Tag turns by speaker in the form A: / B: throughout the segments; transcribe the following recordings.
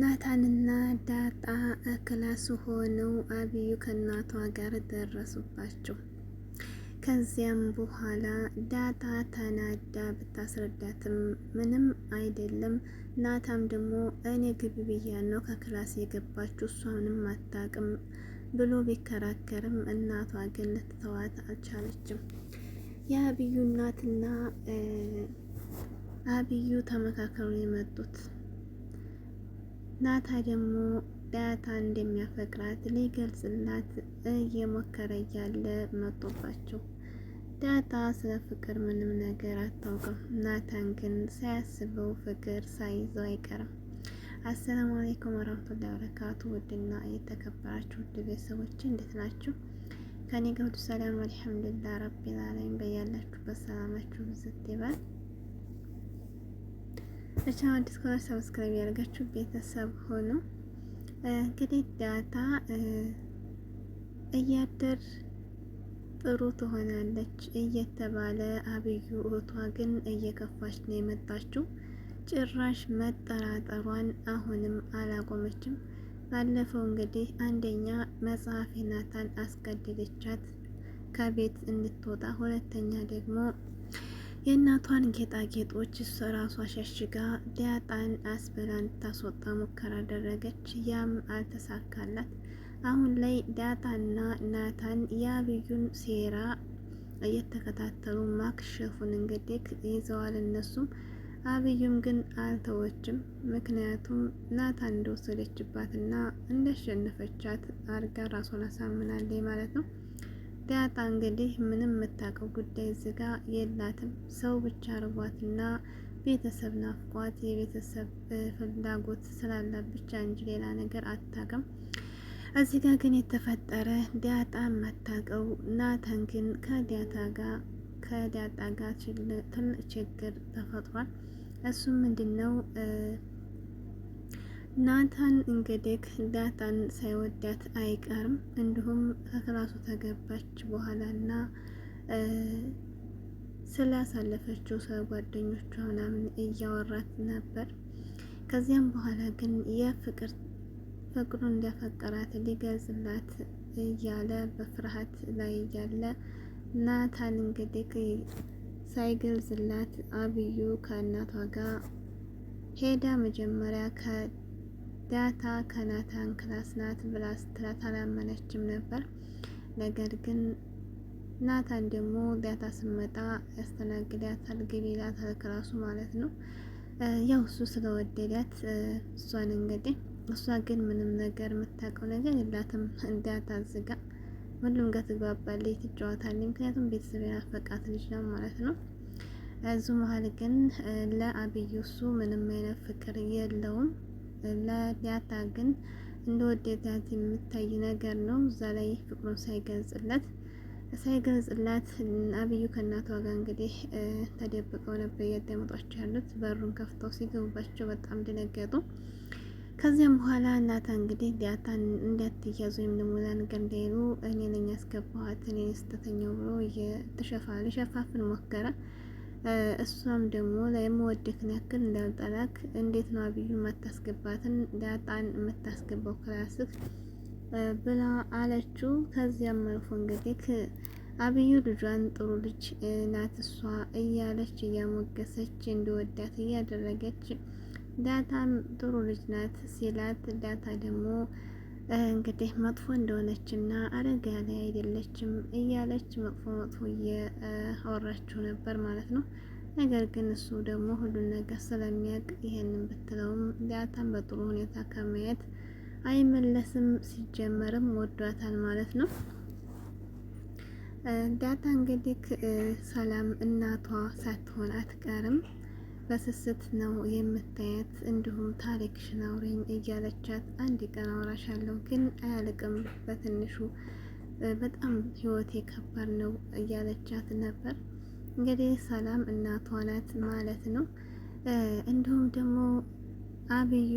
A: ናታንና ዳጣ ክላስ ሆነው አብዩ ከእናቷ ጋር ደረሱባቸው። ከዚያም በኋላ ዳጣ ተናዳ ብታስረዳትም ምንም አይደለም። ናታም ደግሞ እኔ ግቢ ብያለሁ ከክላስ የገባችው እሷ ምንም አታውቅም ብሎ ቢከራከርም እናቷ ግን ልትተዋት አልቻለችም። የአብዩ እናትና አብዩ ተመካከሩ የመጡት ናታ ደግሞ ዳታ እንደሚያፈቅራት ሊገልጽላት እየሞከረ እያለ መጦባቸው ዳታ ስለ ፍቅር ምንም ነገር አታውቅም። ናታን ግን ሳያስበው ፍቅር ሳይዘው አይቀርም። አሰላሙ አለይኩም ወራህመቱላሂ ወበረካቱ። ውድና የተከበራችሁ ውድ ቤተሰቦች እንዴት ናችሁ? ከኔ ጋር ሁሉ ሰላም አልሐምዱሊላህ ረቢል ዓለሚን። በያላችሁበት ሰላማችሁ ብዝት ይበል። ለቻናል አዲስ ከሆነ ሰብስክራይብ ያደርጋችሁ ቤተሰብ ሆኖ እንግዲህ ዳታ እያደር ጥሩ ትሆናለች እየተባለ አብዩ እህቷ ግን እየከፋች ነው የመጣችው። ጭራሽ መጠራጠሯን አሁንም አላቆመችም። ባለፈው እንግዲህ አንደኛ መጽሐፍ ናታን አስገድደቻት ከቤት እንድትወጣ፣ ሁለተኛ ደግሞ የእናቷን ጌጣጌጦች እሷ ራሷ ሸሽጋ ዳጣን አስበላ እንድታስወጣ ሙከራ አደረገች። ያም አልተሳካላት። አሁን ላይ ዳጣና ናታን የአብዩን ሴራ እየተከታተሉ ማክሸፉን እንግዲህ ይዘዋል። እነሱም አብዩም ግን አልተወችም። ምክንያቱም ናታን እንደወሰደችባትና እንዳሸነፈቻት አድርጋ ራሷን አሳምናለች ማለት ነው። ዳጣ እንግዲህ ምንም የምታውቀው ጉዳይ ዝጋ የላትም። ሰው ብቻ ርቧትና ቤተሰብ ናፍቋት የቤተሰብ ፍላጎት ስላላት ብቻ እንጂ ሌላ ነገር አታውቅም። እዚህ ጋር ግን የተፈጠረ ዳጣ የማታውቀው ናታን ግን ከዳጣ ጋር ከዳጣ ጋር ትልቅ ችግር ተፈጥሯል። እሱም ምንድን ነው? ናታን እንግዲህ ዳታን ሳይወዳት አይቀርም። እንዲሁም ከክላሱ ከገባች በኋላና ስላሳለፈችው ስለጓደኞቿ ምናምን እያወራት ነበር። ከዚያም በኋላ ግን የፍቅር ፍቅሩን እንደፈቀራት ሊገልጽላት እያለ በፍርሃት ላይ እያለ ናታን እንግዲህ ሳይገልጽላት አብዩ ከእናቷ ጋር ሄዳ መጀመሪያ ዳታ ከናታን ክላስ ናት ብላ ስትላት አላመነችም ነበር። ነገር ግን ናታን ደግሞ ዳታ ስመጣ ያስተናግዳታል፣ ግቢ ይላታል ክላሱ ማለት ነው። ያው እሱ ስለወደዳት እሷን እንግዲህ እሷ ግን ምንም ነገር የምታውቀው ነገር የላትም። ዳታ ዝጋ ሁሉም ጋር ትግባባለች፣ ትጫወታለች። ምክንያቱም ቤተሰብ የናፈቃት ልጅ ነው ማለት ነው። እዚሁ መሀል ግን ለአብይ እሱ ምንም አይነት ፍቅር የለውም። ለዳታ ግን እንደ ወደዳት የሚታይ ነገር ነው። እዛ ላይ ፍቅሩን ሳይገልጽለት ሳይገልጽላት አብዩ ከእናቷ ጋር እንግዲህ ተደብቀው ነበር እያዳመጧቸው ያሉት። በሩን ከፍተው ሲገቡባቸው በጣም ደነገጡ። ከዚያም በኋላ እናታ እንግዲህ ዳታን እንዳትያዙ ወይም ደግሞ ነገር እንዳይሉ እኔ ነኝ ያስገባኋት እኔ ስተተኛው ብሎ ሸፋፍን ሞከረ። እሷም ደግሞ ለመወደክን ያክል እንዳልጠላክ እንዴት ነው አብዩ መታስገባትን ዳጣን የምታስገባው ክላስክ ብላ አለችው። ከዚያም አልፎ እንግዲህ አብዩ ልጇን ጥሩ ልጅ ናት እሷ እያለች እያሞገሰች እንዲወዳት እያደረገች ዳታም ጥሩ ልጅ ናት ሲላት ዳታ ደግሞ እንግዲህ መጥፎ እንደሆነችና አደጋ ላይ አይደለችም እያለች መጥፎ መጥፎ እያወራችሁ ነበር ማለት ነው። ነገር ግን እሱ ደግሞ ሁሉን ነገር ስለሚያውቅ ይሄንን ብትለውም ዳታን በጥሩ ሁኔታ ከማየት አይመለስም። ሲጀመርም ወዷታል ማለት ነው። ዳታ እንግዲህ ሰላም እናቷ ሳትሆን አትቀርም። በስስት ነው የምታያት። እንዲሁም ታሪክሽን አውሪኝ እያለቻት አንድ ቀን አውራሻለሁ ግን አያልቅም በትንሹ በጣም ህይወቴ ከባድ ነው እያለቻት ነበር። እንግዲህ ሰላም እናቷ ናት ማለት ነው። እንዲሁም ደግሞ አብዩ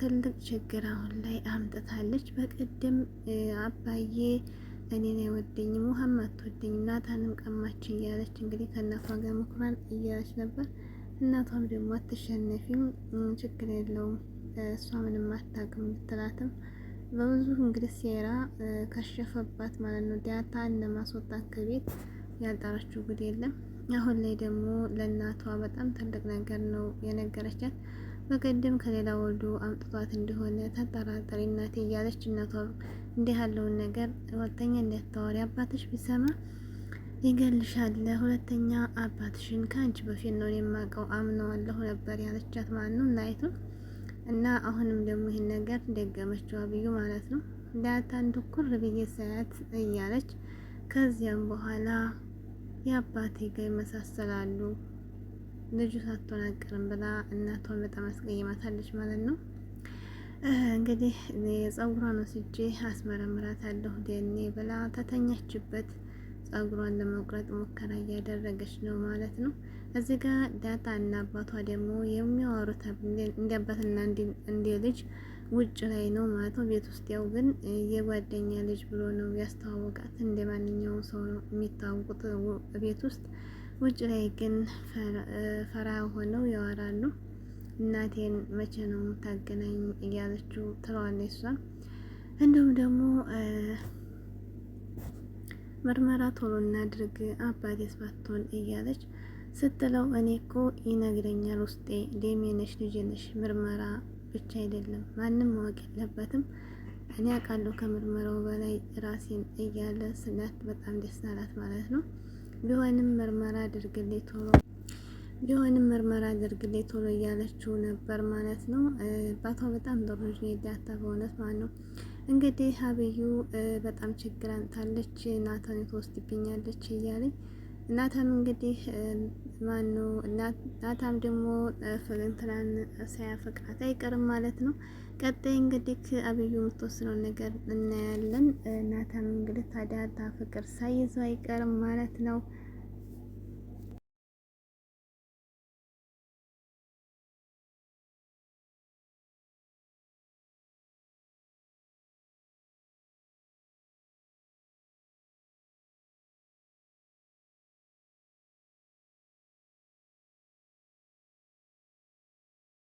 A: ትልቅ ችግር አሁን ላይ አምጥታለች። በቅድም አባዬ እኔን አይወደኝም፣ ውሃም አትወደኝ፣ ናታንም ቀማች እያለች እንግዲህ ከእናቷ ጋር ምክሯን እያለች ነበር። እናቷም ደግሞ አትሸነፊም፣ ችግር የለውም እሷ ምንም አታውቅም ብትላትም በብዙ እንግዲህ ሴራ ከሸፈባት ማለት ነው። ዳታን ለማስወጣት ከቤት ያጣረችው ጉድ የለም። አሁን ላይ ደግሞ ለእናቷ በጣም ትልቅ ነገር ነው የነገረቻት። በቀደም ከሌላ ወልዶ አምጥቷት እንደሆነ ተጠራጠሪ እናቴ እያለች እናቷ እንዲህ ያለውን ነገር ሁለተኛ እንዳታወሪ አባትሽ ቢሰማ ይገልሻል። ሁለተኛ አባትሽን ከአንቺ በፊት ነው የማውቀው አምነዋለሁ ነበር ያለቻት ማለት ነው እናይቱ እና አሁንም ደግሞ ይህን ነገር ደገመችዋ ብዩ ማለት ነው ዳታን ትኩር ብዬ ሳያት እያለች ከዚያም በኋላ የአባቴ ጋር ይመሳሰላሉ ልጁ ሳትሆን ብላ እናቷን በጣም አስቀይማታለች ማለት ነው። እንግዲህ የፀጉሯን ወስጄ አስመረምራታለሁ ደኔ ብላ ተተኛችበት ፀጉሯን ለመቁረጥ ሙከራ እያደረገች ነው ማለት ነው። እዚህ ጋር ዳጣ እና አባቷ ደግሞ የሚያወሩት እንደ አባትና እንደ ልጅ ውጭ ላይ ነው ማለት ነው። ቤት ውስጥ ያው ግን የጓደኛ ልጅ ብሎ ነው ያስተዋወቃት። እንደ ማንኛውም ሰው ነው የሚታወቁት ቤት ውስጥ ውጭ ላይ ግን ፈራ ሆነው ያወራሉ። እናቴን መቼ ነው የምታገናኝ እያለችው ትለዋለች እሷ። እንዲሁም ደግሞ ምርመራ ቶሎ እናድርግ አባቴ ስባትሆን እያለች ስትለው እኔ እኮ ይነግረኛል ውስጤ ደሜ ነሽ ልጄ ነሽ። ምርመራ ብቻ አይደለም ማንም ማወቅ የለበትም እኔ አውቃለሁ ከምርመራው በላይ ራሴን እያለ ስጋት በጣም ደስ አላት ማለት ነው። ቢሆንም ምርመራ አድርግልኝ ቶሎ ቢሆንም ምርመራ አድርግልኝ ቶሎ እያለችው ነበር ማለት ነው። ባቷ በጣም ጥሩ ልጅ ዳታ በእውነት ማለት ነው። እንግዲህ ሀብዩ በጣም ችግር አንታለች፣ ናታን ትወስድብኛለች እያለኝ እናታም እንግዲህ ማኑ እናታም ደግሞ ፍቅር እንትናን ሳያፈቅራት አይቀርም ማለት ነው። ቀጣይ እንግዲህ አብዩ የምትወስነው ነገር እናያለን። ናታም እንግዲህ ታዲያ ፍቅር ሳይዘው አይቀርም ማለት ነው።